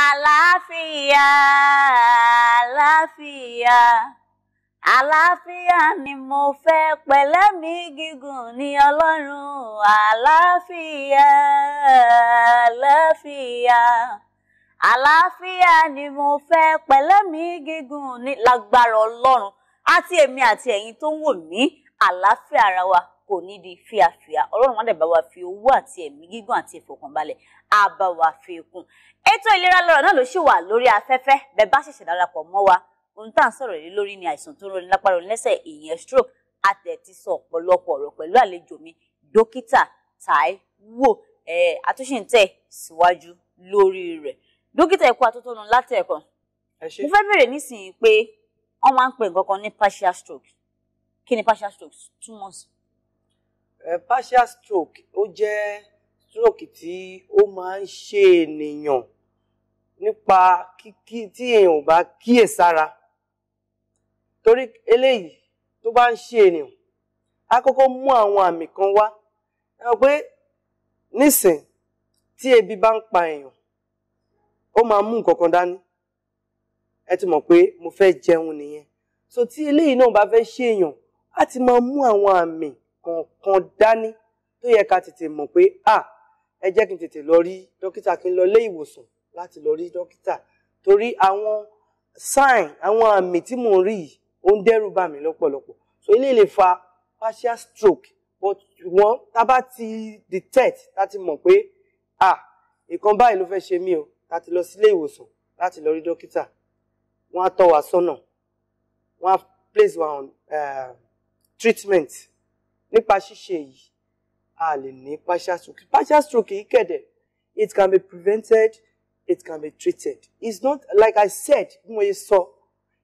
Àlàáfíà, àlàáfíà, àlàáfíà ni mo fẹ́ pẹ̀lẹ́ mi gígùn ní Ọlọ́run. Àlàáfíà, àlàáfíà, àlàáfíà ni mo fẹ́ pẹ̀lẹ́ mi gígùn ní lágbára Ọlọ́run. Àti èmi àti ẹ̀yin tó ń wò mí, àlàáfíà ara wa kò ní di fíafíà. Ọlọ́run má dẹ̀ bá wa fi owó àti ẹ̀mí gígùn àti ìfọ̀kànbalẹ̀ àbàwà fèèkùn ètò ìlera lọ́rọ̀ náà ló ṣì wà lórí afẹ́fẹ́ bẹ́ẹ̀ bá ṣẹ̀ṣẹ̀ darapọ̀ mọ́ wa ohun tá à ń sọ̀rọ̀ yìí lórí ni àìsàn tó ń roni lápá roni lẹ́sẹ̀ ìyẹn stroke àtẹ̀tí sọ ọ̀pọ̀lọpọ̀ ọ̀rọ̀ pẹ̀lú àlejò mi dókítà Táíwò àtúnṣe ń tẹ̀ síwájú lórí rẹ̀ dókítà ẹ̀kọ́ atótónu látẹ̀kọ́ mo fẹ́ bèrè nísìnyí pé wọ́n máa ń pè nǹkan kan ní partial stroke kí ni partial stroke túmọ̀ sí. partial stroke ó jẹ́ stroke tí ó máa ń ṣe ènìyàn nípa kíkí tí èèyàn ò bá kíyèsára torí eléyìí tó bá ń ṣe ènìyàn á kọ́kọ́ mú àwọn àmì kan wá ẹ mọ̀ pé nísìn tí ebi bá ń pa èèyàn ó máa mú nǹkan kan dání ẹ ti mọ̀ pé mo fẹ́ jẹun nìyẹn so tí eléyìí náà bá fẹ́ ṣe èèyàn á ti máa mú àwọn àmì kọ̀ọ̀kan dání tó yẹ ká tètè mọ̀ pé ah ẹ jẹ́ kí n tètè lọ rí dókítà kí n lọ lé ìwòsàn láti lọ rí dókítà torí àwọn sign àwọn àmì tí mò ń rí yìí ó ń dẹ́rù bà mí lọ́pọ̀lọpọ̀ so ilé lè fa partial stroke but ṣùgbọ́n tá a bá ti detect láti mọ̀ pé ah nǹkan báyìí ló fẹ́ ṣe mí o láti lọ sílé ìwòsàn láti lọ rí dókítà wọ́n á tọ́ wa sọ́nà wọ́n á place wa on uh, treatment nípa ṣíṣe yìí a lè ní partial stroke partial stroke yìí kẹ̀dẹ̀ it can be prevented it can be treated it's not like i said bí mo yẹ sọ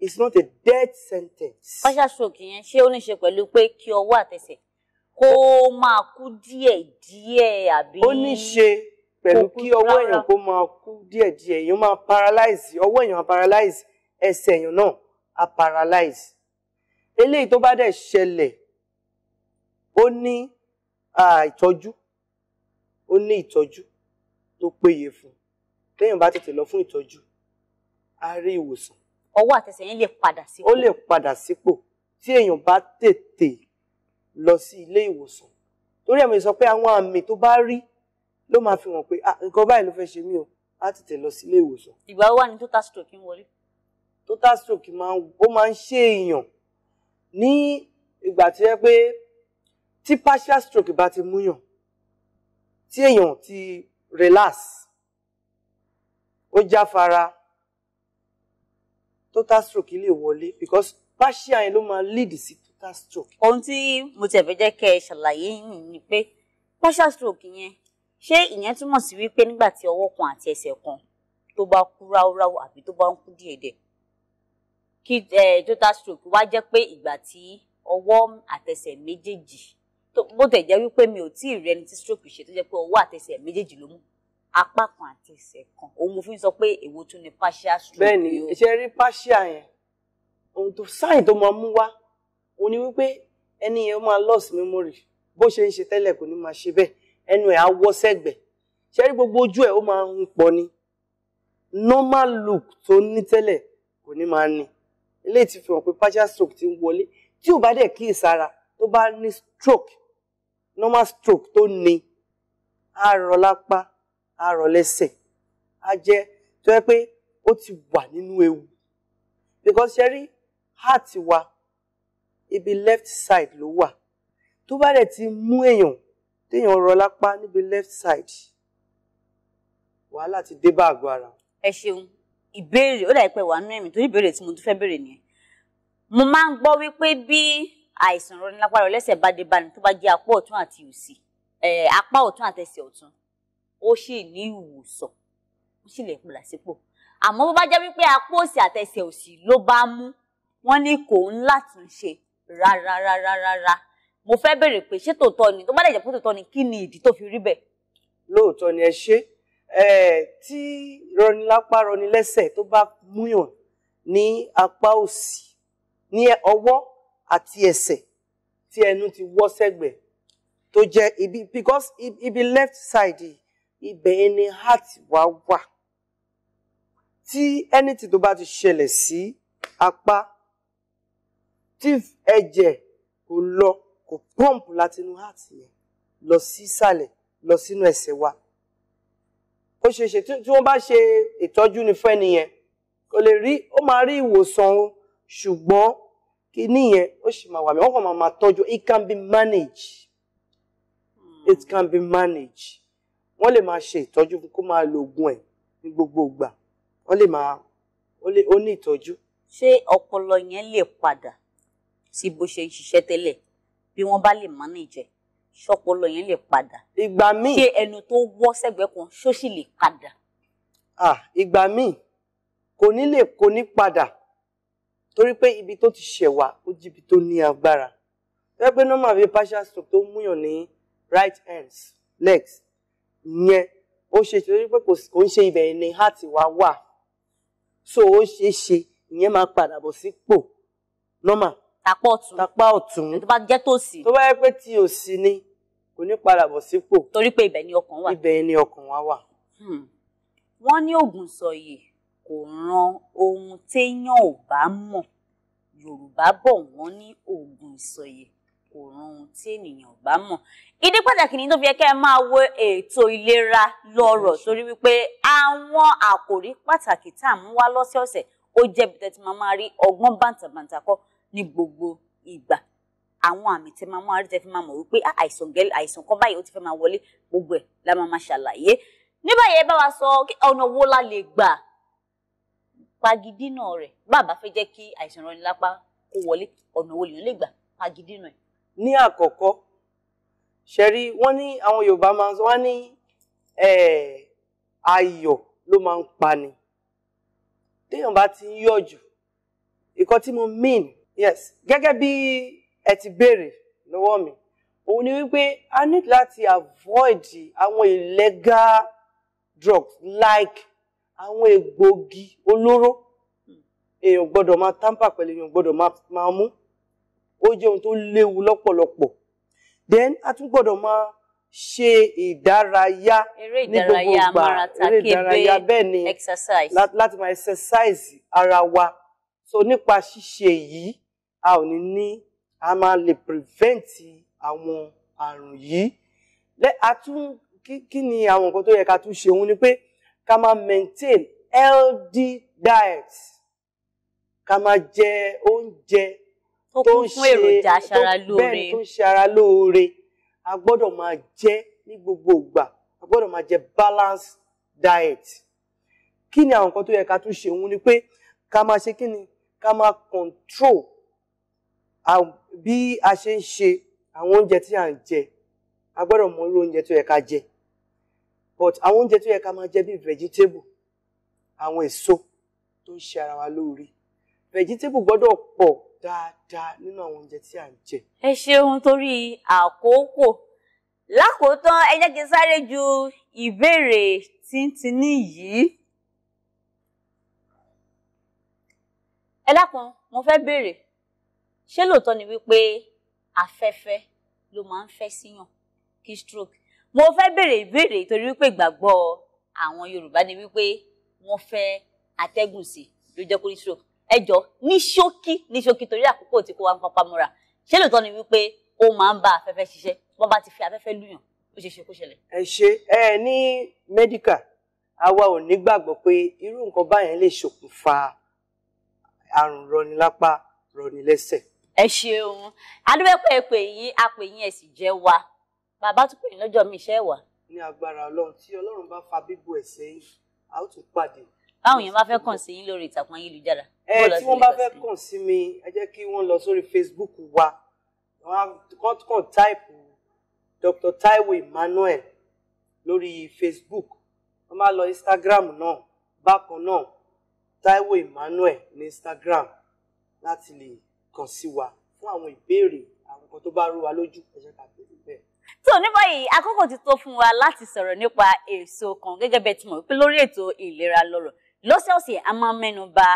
it's not a death sentence. partial stroke yẹn ṣé ó ní ṣe pẹ̀lú pé kí ọwọ́ àtẹsẹ̀ kó máa kú díẹ̀ díẹ̀ àbí. ó ní ṣe pẹ̀lú kí ọwọ́ èèyàn kó máa kú díẹ̀ díẹ̀ èèyàn máa paralyze ọwọ́ èèyàn máa paralyze ẹsẹ̀ èèyàn náà á paralyze eléyìí tó bá dẹ̀ ṣẹlẹ̀ ó ní ìtọ́jú ó ní ìtọ́jú tó péye fún téèyàn bá tètè lọ fún ìtọ́jú á rí ìwòsàn. ọwọ́ àtẹsẹ̀ yẹn lè padà sípò. ó lè padà sípò tí èèyàn bá tètè lọ sí ilé ìwòsàn torí ẹ̀mí sọ pé àwọn àmì tó bá rí ló máa fi hàn pé nǹkan báyìí ló fẹ́ ṣe mí o á tètè lọ sí ilé ìwòsàn. ìgbà wo wà ní total stroke ń wọlé. total stroke máa ń ó máa ń ṣe èèyàn ní ìgbà tó yẹ pé tí partial stroke bá ti múyàn tí èèyàn ti relax ó jáfara total stroke lè wọlé because partial yẹn ló máa lead sí total stroke. ohun tí mo tẹ̀ fẹ́ jẹ́ kẹ́ ẹ ni pé partial stroke yẹn ṣé ìyẹn túmọ̀ sí wípé nígbà tí ọwọ́ kan àti ẹsẹ̀ kan tó bá kú ráúráú àbí tó bá ń kú díẹ̀díẹ̀ kí total stroke wá jẹ́ pé ìgbà tí ọwọ́ àtẹsẹ̀ méjèèjì bó tẹ̀ jẹ́ wípé mi ò tí ì rẹni tí stroke ṣe tó jẹ́ pé ọwọ́ àtẹsẹ̀ méjèèjì ló mú apá kan àti kan òun mo fi ń sọ pé èwo tún ni partial stroke bẹ́ẹ̀ ni ṣe rí partial yẹn ohun tó sáì tó máa mú wá òun ni wípé ẹni yẹn máa loss memory bó ṣe ń ṣe tẹ́lẹ̀ kò ní máa ṣe bẹ́ẹ̀ ẹnu ẹ̀ á wọ́ sẹ́gbẹ̀ ṣe rí gbogbo ojú ẹ̀ ó máa ń pọ̀ ni normal look tó ní tẹ́lẹ̀ kò ní máa ní eléyìí ti fi hàn pé partial stroke ti ń wọlé tí ò bá dẹ̀ kíyèsára tó bá ní stroke normal stroke tó ní á rọ lápá á rọ lẹ́sẹ̀ á jẹ́ tó yẹ pé ó ti wà nínú ewu because ṣe rí heart wa ibi left side ló wà tó bá dẹ̀ ti mú èèyàn téèyàn rọ lápá níbi left side wàhálà ti dé bá àgọ́ ara. ẹ ṣeun ìbéèrè ó dàbí pé wà nínú ẹ̀mí torí ìbéèrè tí mo tún fẹ́ béèrè nìyẹn mo máa ń gbọ́ wípé bí àìsàn rọni lápá rẹ lẹ́sẹ̀ bá dé báni tó bá jẹ́ apá ọ̀tún àti òsì apá ọ̀tún àtẹsẹ̀ ọ̀tún ó sì ní ìwòsàn ó sì lè padà sípò àmọ́ bó bá jẹ́ wípé apá òsì àtẹsẹ̀ òsì ló bá mú wọ́n ní kò ń látúnṣe rárárárárá mo fẹ́ bèrè pé ṣé tòótọ́ ni tó bá lè jẹ́ pé tòótọ́ ni kí ni ìdí tó fi rí bẹ́ẹ̀. lóòótọ́ ni ẹ ṣe tí rọni lápá tó bá múyàn ní apá òsì ní ọwọ́ àti ẹsẹ̀ tí ẹnu ti wọ́ sẹ́gbẹ̀ tó jẹ́ ibi because ibi left side ibẹ̀ yẹn ni heart wa. wà tí anything tó bá ti ṣẹlẹ̀ sí apá tí ẹ̀jẹ̀ kò lọ kò pump láti inú heart yẹn lọ sí ìsàlẹ̀ lọ sínú ẹsẹ̀ wa ó ṣe ṣe tí wọ́n bá ṣe ìtọ́jú ní fún ẹnìyẹn kò lè rí ó máa rí ìwòsàn o kíní yẹn ó sì máa wà mí wọ́n kàn máa tọ́jú it can be managed hmm. it can be managed wọ́n lè máa ṣe ìtọ́jú fún kó máa lo oògùn ẹ̀ ní gbogbo ìgbà wọ́n lè máa ó ní ìtọ́jú. ṣé ọpọlọ yẹn lè padà sí bó ṣe ń ṣiṣẹ́ tẹ́lẹ̀ bí wọ́n bá manage ṣọpọlọ yẹn lè padà. ìgbà míì ṣé ẹnu tó wọ́ sẹ́gbẹ̀ẹ́ kan ṣó sì lè padà. ah ìgbà míì kò ní lè kò torí pé ibi tó ti ṣẹ̀ wá ó jí ibi tó ní agbára wọ́n pé normal bíi partial stroke tó múyàn ní right hands legs yẹn ó ṣe torí pé kò ń ṣe ibẹ̀ ni heart wa wà so ó ṣe é ṣe ìyẹn máa padà bọ̀ sípò normal tapá ọ̀tún tapá ọ̀tún tó bá jẹ́ tòsí tó bá yẹ pé tí òsì ni kò ní padà bọ̀ sípò torí pé ibẹ̀ ni ọkàn wà ibẹ̀ ni ọkàn wa wà. Hmm. wọ́n ní oògùn sọ̀yè kò ran ohun téèyàn ò bá mọ̀ yorùbá bọ̀ wọ́n ní oògùn ìsọ̀yẹ̀ kò ran ohun tí ènìyàn ò bá mọ̀ ìdí pàtàkì ni tó fi yẹ kẹ́ ẹ máa wo ètò ìlera lọ́rọ̀ torí wípé àwọn àkòrí pàtàkì tá à ń wá lọ́sọ̀ọ̀sẹ̀ ó jẹ́ bí tẹ́tí máa máa rí ọgbọ́n bàǹtàbàǹtà kọ́ ní gbogbo ìgbà àwọn àmì tí máa máa rí tẹ́ fi máa mọ̀ wípé ah, àìsàn gẹ́lẹ́ àìsàn kan báyìí ó ti fẹ́ máa wọlé gbogbo ẹ̀ la máa máa ṣàlàyé ní báyìí ẹ bá wa sọ ọ̀nà wo la lè gbà pagidínà rẹ̀ bàbá fẹ́ jẹ́ kí àìsàn rọni lápá kó wọlé ọ̀nà wo lèèyàn lè gbà pagidínà ẹ̀. ní àkọ́kọ́ ṣẹ̀rí wọ́n ní àwọn Yorùbá máa ń sọ wọ́n ní ayọ̀ ló máa ń pani téèyàn bá ti ń yọ̀ jù nǹkan tí mo mean yes gẹ́gẹ́ bí ẹ ti béèrè lọ́wọ́ mi òun ni wípé a need láti avoid àwọn illegal drugs like àwọn egbògi olóró èèyàn gbọ́dọ̀ máa tampa pẹ̀lú èèyàn gbọ́dọ̀ máa mú ó jẹ́ ohun tó léwu lọ́pọ̀lọpọ̀ then a tún gbọ́dọ̀ máa ṣe ìdárayá ní gbogbo ìgbà eré ìdárayá bẹ́ẹ̀ ni láti máa exercise ara wa so nípa ṣíṣe yìí a ò ní ní a máa lè prevent àwọn àrùn yìí a tún kí ni àwọn nǹkan tó yẹ ká tún ṣe òun ni pé ká máa maintain healthy diet ká máa jẹ oúnjẹ tó ń ṣe èròjà aṣara lóore tó ń ṣe ara lóore a gbọ́dọ̀ máa jẹ ní gbogbo ìgbà a gbọ́dọ̀ máa jẹ balanced diet kí ni àwọn nǹkan tó yẹ ká tún ṣe òun ni pé ká máa ṣe kí ni ká máa control bí a ṣe ń ṣe àwọn oúnjẹ tí à ń jẹ a gbọ́dọ̀ mọ irú oúnjẹ tó yẹ ká jẹ but àwọn oúnjẹ tó yẹ ká máa jẹ bíi vegetable àwọn èso tó ń ṣe ara wa lóore vegetable gbọ́dọ̀ pọ̀ dáadáa nínú àwọn oúnjẹ tí à ń jẹ. ẹ ṣeun torí àkókò lákòótán ẹ jẹ́ kí n sáré ju ìbéèrè tíntìní yìí. ẹ dákun mo fẹ́ béèrè ṣé lóòótọ́ ni wípé afẹ́fẹ́ ló máa ń fẹ́ síyàn kí stroke mo fẹ́ béèrè ìbéèrè torí wípé ìgbàgbọ́ àwọn Yorùbá ni wípé wọ́n fẹ́ atẹ́gùn sí ló jẹ́ kó níṣó ẹjọ́ ní ṣókí ní ṣókí torí àkókò tí kò wá ń papá múra ṣé lóòótọ́ ni wípé ó máa ń bá afẹ́fẹ́ ṣiṣẹ́ wọ́n bá ti fi afẹ́fẹ́ lùyàn ó ṣe ṣe kó ṣẹlẹ̀. ẹ ṣe ẹ ní mẹ́díkà àwa ò nígbàgbọ́ pé irú nǹkan báyẹn lè ṣokùnfà àrùn rọnilápá rọnilẹ́sẹ̀. ẹ ṣeun adúbẹ́pẹ́ pè yín apè yín ẹ̀ sì jẹ́ wa bàbá tún pè ní lọ́jọ́ mi iṣẹ́ wà. ní agbára ọlọ́run tí ọlọ́run bá fa bíbò ẹ̀ sẹ́yìn a ó tún pàdé. báwọn èèyàn bá fẹ́ kàn sí yín lórí ìtàkùn ayélujára. ẹ tí wọ́n bá fẹ́ kàn sí mi ẹ jẹ́ kí wọ́n lọ sórí Facebook wa wọ́n kàn táìpù Dr. Taiwo Emmanuel lórí Facebook wọ́n máa lọ Instagram náà bákan náà Taiwo Emmanuel ní Instagram láti lè kàn sí wa fún àwọn ìbéèrè àwọn kan tó bá rú wa lójú ẹ jẹ́ bẹ́ẹ̀ so nobody, I go ní báyìí àkókò ti tó fún wa láti sọ̀rọ̀ nípa èso kan gẹ́gẹ́ bẹ́ẹ̀ ti mọ̀ pé lórí ètò ìlera lọ́rọ̀ lọ́sọ̀ọ̀sẹ̀ a máa mẹ́nu bà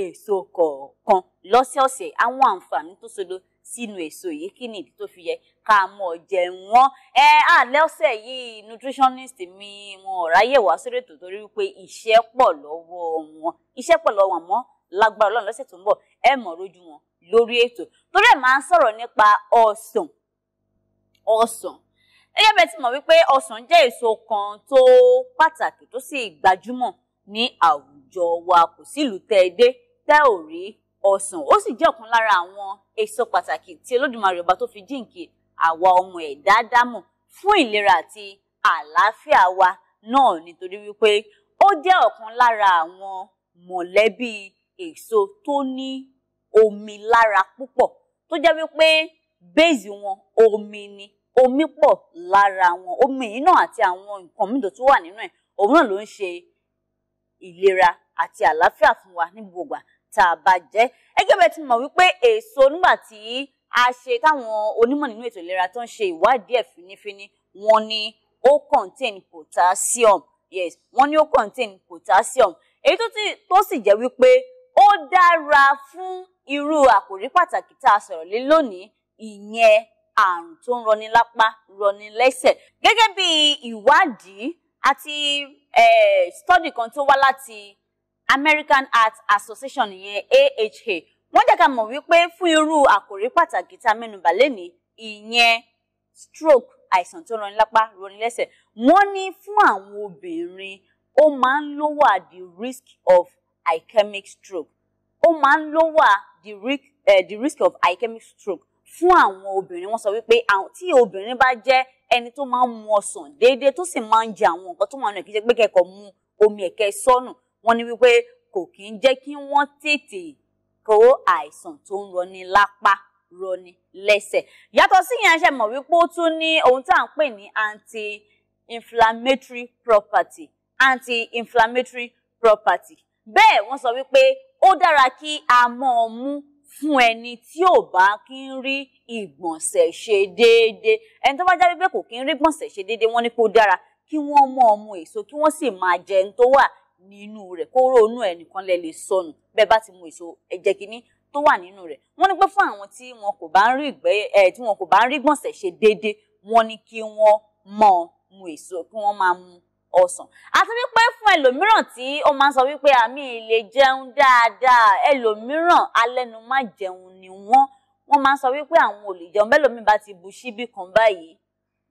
èso kọ̀ọ̀kan lọ́sọ̀ọ̀sẹ̀ àwọn àǹfààní tó sodo sínú èso yìí kí ni ìdí tó fi yẹ ká mọ̀ jẹ wọ́n ẹ à lọ́sẹ̀ yìí nutritionist mi wọn ò ráyè wá sórí ètò torí wípé iṣẹ́ pọ̀ lọ́wọ́ wọn iṣẹ́ pọ̀ lọ́wọ́ wọn mọ́ lágbára ọlọ́run lọ́sẹ̀ tó ń bọ̀ ẹ mọ̀ rojú wọn lórí ètò torí ẹ̀ máa ń sọ̀rọ̀ nípa ọsàn ọsàn ẹyẹ bẹ ti mọ̀ wípé ọsàn jẹ́ èso kan tó pàtàkì tó sì gbajúmọ̀ ní àwùjọ wa kò sílùú tẹ́ ẹ dé tẹ́ ò rí ọsàn ó sì jẹ́ ọ̀kan lára àwọn èso pàtàkì tí Olódùmarè ọba tó fi jíǹkì àwa ọmọ ẹ̀dá dámọ̀ fún ìlera àti àlàáfíà wa náà nítorí wípé ó jẹ́ ọ̀kan lára àwọn mọ̀lẹ́bí èso tó ní omi lára púpọ̀ tó jẹ́ wípé bẹ́ẹ̀sì wọn omi ni omi pọ̀ lára wọn omi yìí náà àti àwọn nǹkan míì tó tún wà nínú ẹ̀ òun náà ló ń ṣe ìlera àti àlàáfíà fún wa ní gbogbo ìgbà tá a bá jẹ ẹgbẹ́ bẹ́ẹ̀ ti mọ̀ wípé èso nígbà tí a ṣe táwọn onímọ̀ nínú ètò ìlera tó ń ṣe ìwádìí ẹ̀ fínífíní wọ́n ní ó contain potassium yes wọ́n ní ó contain potassium èyí tó sì jẹ́ wípé ó dára fún irú àkòrí pàtàkì tá a sọ̀rọ̀ lé lónìí ìyẹn àrùn tó ń rọni lápá rọni lẹ́sẹ̀ gẹ́gẹ́ bí ìwádìí àti study kan tó wá láti American Art Association ìyẹn AHA wọ́n jẹ́ ká mọ̀ wípé fún irú àkòrí pàtàkì tá a mẹ́nubà lénìí ìyẹn stroke àìsàn tó rọni lápá rọni lẹ́sẹ̀ wọ́n ní fún àwọn obìnrin ó máa ń lower the risk of ischemic stroke ó máa ń lower the risk, the risk of ischemic stroke fún àwọn obìnrin wọ́n sọ wípé tí obìnrin bá jẹ́ ẹni tó máa ń mu ọsàn déédéé tó sì máa ń jẹ àwọn nǹkan tó máa ń nà kí jẹ́ pé kẹ́kọ̀ọ́ mu omi ẹ̀kẹ́ sọ́nù wọ́n ní wípé kò kí ń jẹ́ kí wọ́n tètè kó àìsàn tó ń rọni lápá rọni lẹ́sẹ̀ yàtọ̀ sí yẹn ṣe wípé ó tún ní ohun tá à ń pè ní anti-inflammatory property anti-inflammatory property bẹ́ẹ̀ wọ́n sọ wípé ó dára kí a mọ̀ ọ́ mú fún ẹni tí ò bá kí ń rí ìgbọ̀nsẹ̀ ṣe déédéé ẹni tó bá jáde pé kò kí ń rí ìgbọ̀nsẹ̀ ṣe déédéé wọ́n ní kó dára kí wọ́n mọ ọmọ èso kí wọ́n sì máa jẹ ẹni tó wà nínú rẹ̀ kó rónú ẹ̀ nìkan lẹ lè sọnù bẹ́ẹ̀ bá ti mu èso ẹ jẹ kínní tó wà nínú rẹ̀ wọ́n ní pé fún àwọn tí wọn kò bá ń rí ìgbẹ́ ẹ̀ tí wọn kò bá ń rí ìgbọ̀nsẹ̀ ṣe déédéé wọ́n ní kí wọ́n mọ mu èso kí wọ́n máa mu ọsàn àti wípé fún ẹlòmíràn tí ó máa ń sọ wípé àmì ilé jẹun dáadáa ẹlòmíràn alẹ́nu má jẹun ni wọ́n wọ́n máa ń sọ wípé àwọn ò bẹ́ẹ̀ lómi bá ti bu síbí kan báyìí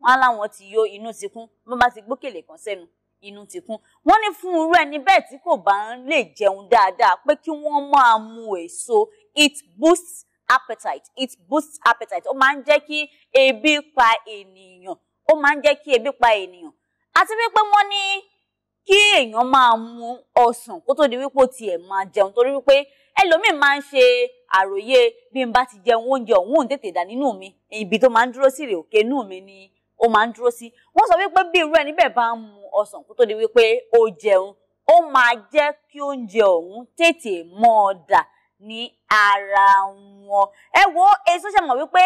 wọ́n á láwọn ti yó inú ti kún bó bá ti gbókèlè kan sẹ́nu inú ti kún wọ́n ní fún irú ẹni bẹ́ẹ̀ tí kò bá ń lè jẹun dáadáa pé kí wọ́n máa mu èso it boosts appetite it boosts appetite ó máa ń jẹ́ kí ebi pa ènìyàn ó máa ń jẹ́ kí ebi pa ènìyàn àti wípé wọ́n ní kí èèyàn máa mu ọsàn kó tó di wípé ó tiẹ̀ máa jẹun torí wípé ẹlòmíín máa ń ṣe àròyé bí n bá ti jẹun oúnjẹ ọ̀hún tètè dà nínú mi ibi tó máa ń dúró sí rè òkè inú mi ni ó máa ń dúró sí wọ́n sọ wípé bí irú ẹni bẹ́ẹ̀ bá ń mu ọsàn kó tó di wípé ó jẹun ó máa jẹ́ kí oúnjẹ ọ̀hún tètè mọ́ ọ dà ní ara wọn ẹ wo èso ṣe mọ̀ wípé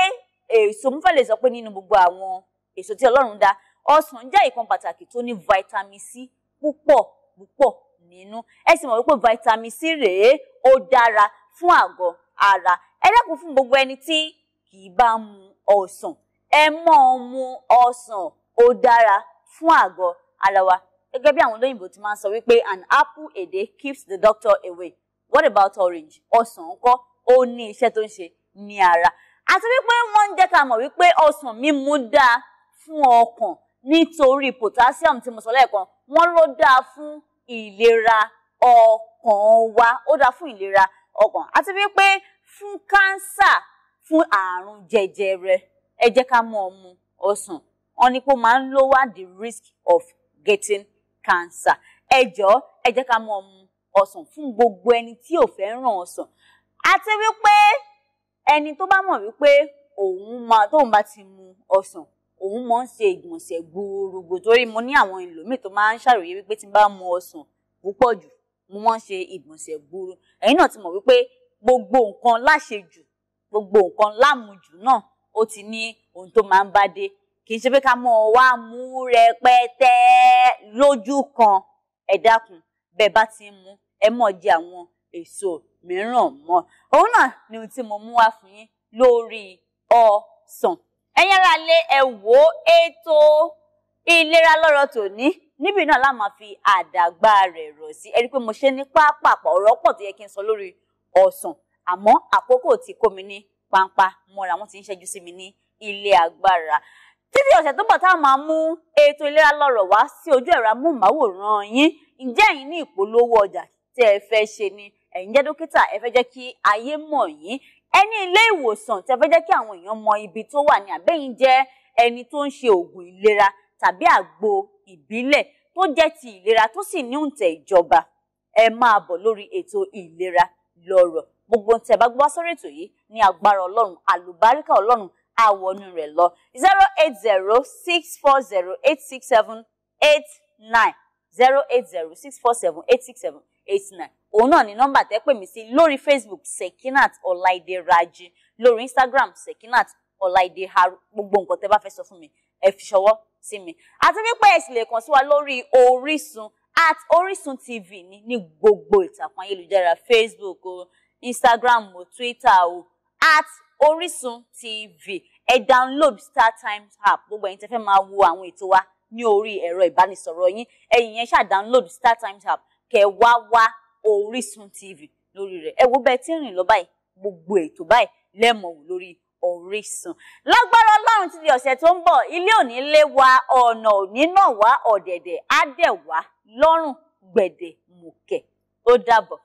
èso mo fẹ́ lè sọ pé nínú gbogbo àwọn èso tí Ọlọ́run dá ọsàn jẹ́ ìkan pàtàkì tó ní vitamin C púpọ̀ púpọ̀ nínú ẹ sì mọ̀ wípé vitamin C rèé ó dára fún àgọ́ ara ẹ dẹ́kun fún gbogbo ẹni tí kì í bá mu ọsàn ẹ mọ̀ ọ́n mu ọsàn ó dára fún àgọ́ ara wa gẹ́gẹ́ bí àwọn olóyìnbó ti máa ń sọ wípé an apple a day keeps the doctor away what about orange ọsàn ńkọ́ ó ní iṣẹ́ tó ń ṣe ní ara àti wípé wọ́n ń jẹ́ ká mọ̀ wípé ọsàn mímu dáa fún ọkàn nítorí potassium tí mo sọ lẹ́ẹ̀kan wọ́n ló dáa fún ìlera ọkàn wa ó dáa fún ìlera ọkàn àti wípé fún kánsà fún àrùn jẹjẹrẹ ẹ jẹ́ ká mọ̀ ọmú ọsàn wọ́n ní pé ó máa ń lower the risk of getting cancer ẹ jọ̀ọ́ ẹ jẹ́ ká mọ̀ ọmú ọsàn fún gbogbo ẹni tí ò fẹ́ràn ọsàn àti wípé ẹni tó bá mọ̀ wípé òun máa tóun bá ti mu ọsàn òun máa ń ṣe ìgbọ̀nsẹ̀ gbòòrògbò torí mo ní àwọn ìlòmíì tó máa ń ṣàròyé wípé tí n bá mu ọsàn púpọ̀ jù mo máa ń ṣe ìgbọ̀nsẹ̀ gbòòrò ẹ̀yin náà ti mọ̀ wípé gbogbo nǹkan láṣejù gbogbo nǹkan lámujù náà ó ti ní ohun tó máa ń bá dé kì í ṣe pé ká mọ ọ wá mú rẹpẹtẹ lójú kan ẹ dákun bẹ́ẹ̀ bá ti ń mu ẹ mọ jẹ àwọn èso mìíràn mọ òun náà ni ohun tí mo mú wá fún yín lórí ọsàn ẹ̀yin ará lé ẹ wò ètò ìlera lọ́rọ̀ tòní níbi náà la máa fi àdàgbà rẹ̀ rọ̀ sí ẹ rí i pé mo ṣe ní pápápá ọ̀rọ̀ pọ̀ tó yẹ kí n sọ lórí ọsàn àmọ́ àkókò tí kò mí ní pampa mọ́ra wọ́n ti ń ṣẹ́jú sí mi ní ilé agbára títí ọ̀sẹ̀ tó bọ̀ tá a máa mú ètò ìlera lọ́rọ̀ wá sí ojú ẹ̀rọ amóhùnmáwòrán yín ǹjẹ́ ẹ̀yin ní ìpolówó ọjà tẹ́ ẹ fẹ́ ṣe ni ẹ̀yin jẹ́ dókítà ẹ fẹ́ jẹ́ kí ayé mọ̀ yín ẹni ilé ìwòsàn tẹ́ fẹ́ jẹ́ kí àwọn èèyàn mọ ibi tó wà ní àbẹ́yìn jẹ́ ẹni tó ń ṣe oògùn ìlera tàbí àgbo ìbílẹ̀ tó jẹ́ ti ìlera tó sì ní òǹtẹ̀ ìjọba ẹ máa bọ̀ lórí ètò ìlera lọ́rọ̀ gbogbo tẹ́ bá gbọ́ sórí ètò yìí ní agbára ọlọ́run àlùbáríkà ọlọ́run àwọnú rẹ̀ lọ zero eight zero six four zero eight six seven eight nine zero eight zero six four seven eight six seven eight nine òun náà ni nọ́mbà tẹ́ pè mí sí lórí Facebook Sekinat Ọláìdé Raji lórí Instagram Sekinat Ọláìdé Haru gbogbo nǹkan tẹ́ bá fẹ́ sọ fún mi ẹ fi ṣọwọ́ sí mi àti wípé ẹ sì lè kàn sí wa lórí Orísun at Orísun TV ní ní gbogbo ìtàkùn ayélujára Facebook o Instagram o Twitter o at Orísun TV ẹ download star times app gbogbo ẹ̀yin tẹ́ fẹ́ máa wo àwọn ètò wa ní orí ẹ̀rọ ìbánisọ̀rọ̀ yín ẹ̀yin yẹn ṣáà download StarTimes app kẹ wá wá Orísun TV lórí rẹ̀ ẹ wo bẹ́ẹ̀ tí ń rìn lọ báyìí gbogbo ètò báyìí lẹ́mọ̀ wò lórí Orísun lágbára Ọlọ́run ti di ọ̀sẹ̀ tó ń bọ̀ ilé òní lé wa ọ̀nà òní náà wá ọ̀dẹ̀dẹ̀ á dẹ̀ wá lọ́rùn gbẹ̀dẹ̀ mọ̀kẹ́ ó dàbọ̀.